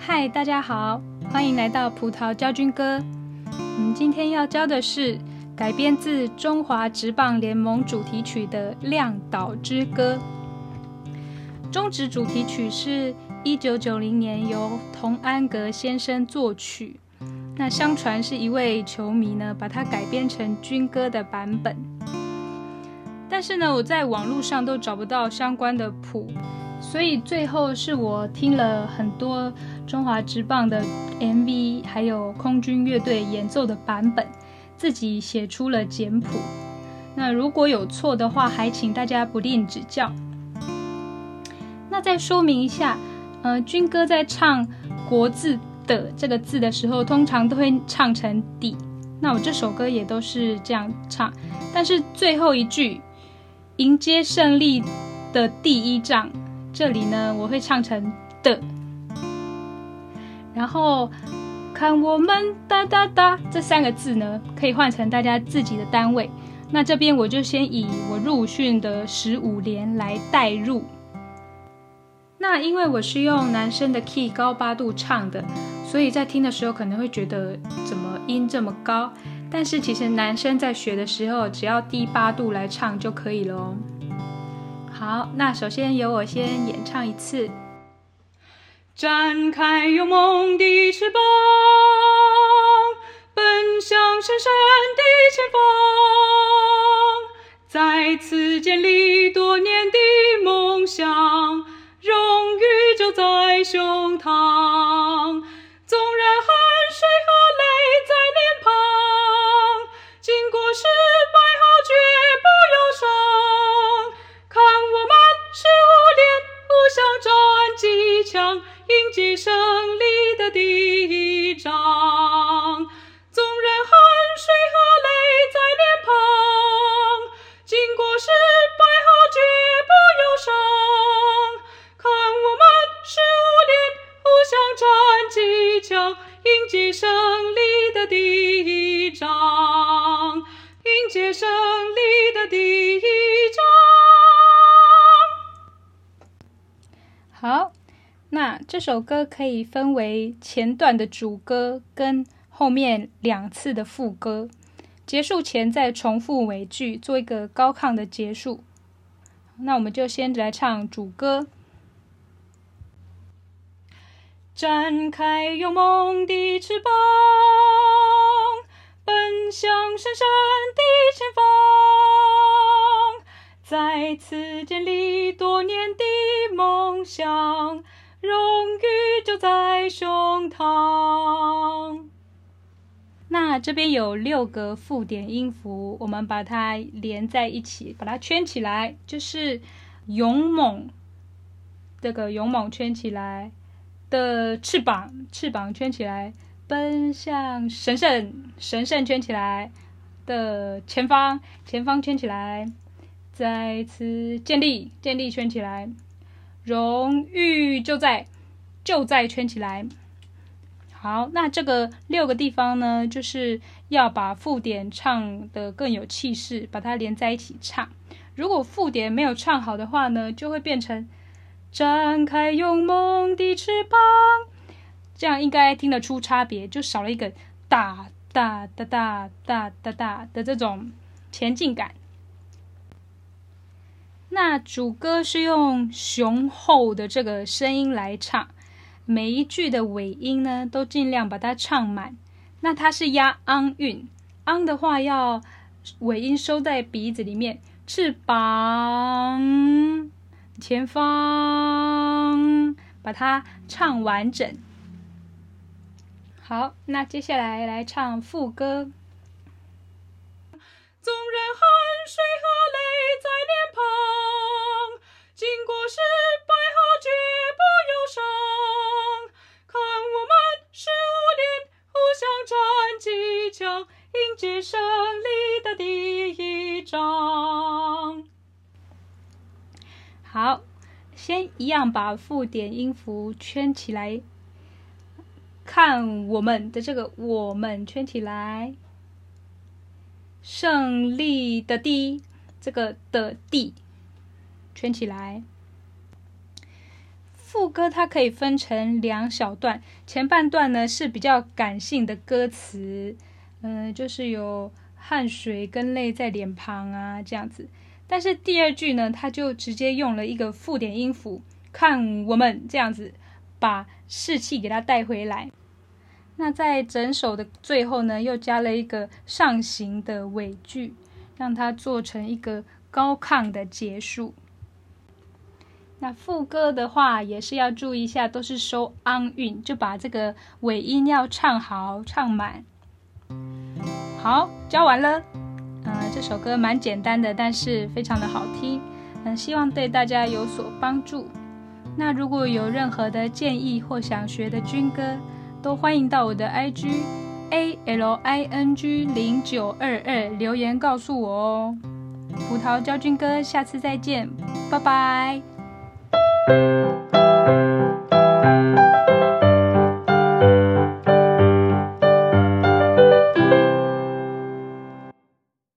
嗨，大家好，歡迎來到葡萄教軍歌。我們今天要教的是改編自中華職棒聯盟主題曲的《亮島之歌》。中職主題曲是1990年由童安格先生作曲。那相傳是一位球迷呢，把它改編成軍歌的版本，但是呢，我在網絡上都找不到相關的譜，所以最後是我聽了很多中華職棒的 MV，還有空軍樂隊演奏的版本，自己寫出了簡譜。那如果有錯的話，還請大家不吝指教。那再說明一下，呃，軍歌在唱國字。的這個字的時候，通常都會唱成“底”，那我這首歌也都是這樣唱，但是最後一句“迎接勝利的第一仗”，這裡呢我會唱成“的”。然後看我們噠噠噠這三個字呢，可以換成大家自己的單位。那這邊我就先以我入伍訓的十五連來代入。那因為我是用男生的 key 高八度唱的，所以在聽的時候可能會覺得怎麼音這麼高？但是其實男生在學的時候，只要低八度來唱就可以了、哦。好，那首先由我先演唱一次。展開勇猛的翅膀，奔向神聖的前方，在此建立。膛，縱然汗水和淚在臉龐，經過失敗後絕不憂傷。看我們十五連，五項戰技強，迎接勝利的第。迎接勝利的第一仗，迎接勝利的第一仗。好，那這首歌可以分為前段的主歌跟後面兩次的副歌，結束前再重複尾句，做一個高亢的結束。那我們就先來唱主歌。展開勇猛的翅膀，奔向神聖的前方。在此建立多年的夢想，榮譽就在胸膛。那這邊有六個附點音符，我們把它連在一起，把它圈起來，就是勇猛，這個勇猛圈起來。的翅膀，翅膀圈起來；奔向神聖，神聖圈起來；的前方，前方圈起來；在此建立，建立圈起來；榮譽就在，就在圈起來。好，那這個六個地方呢，就是要把附點唱得更有氣勢，把它連在一起唱。如果附點沒有唱好的話呢，就會變成。展開勇猛的翅膀，這樣應該聽得出差別，就少了一個噠噠噠噠噠噠噠的這種前進感。那主歌是用雄厚的這個聲音來唱，每一句的尾音呢，都盡量把它唱滿。那它是押昂韻，昂的話要尾音收在鼻子裡面，翅膀。前方，把它唱完整。好，那接下來來唱副歌。縱然汗水和淚在臉龐，經過失敗後絕不憂傷。看我們十五連五項戰技強，迎接勝利的第一仗。好，先一樣把附點音符圈起來。看我們的這個，我們圈起來，勝利的第這個的第圈起來。副歌它可以分成兩小段，前半段呢是比較感性的歌詞，嗯，就是有。汗水跟淚在臉龐啊，這樣子。但是第二句呢，他就直接用了一個附點音符，看我們這樣子把士氣給他帶回來。那在整首的最後呢，又加了一個上行的尾句，讓它做成一個高亢的結束。那副歌的話，也是要注意一下，都是收 ang 韻，就把這個尾音要唱好唱滿。好，教完了。嗯，這首歌蠻簡單的，但是非常的好聽。嗯，希望對大家有所幫助。那如果有任何的建議或想學的軍歌，都歡迎到我的 IG A L I N G 零九二二留言告訴我哦。葡萄教軍歌，下次再見，拜拜。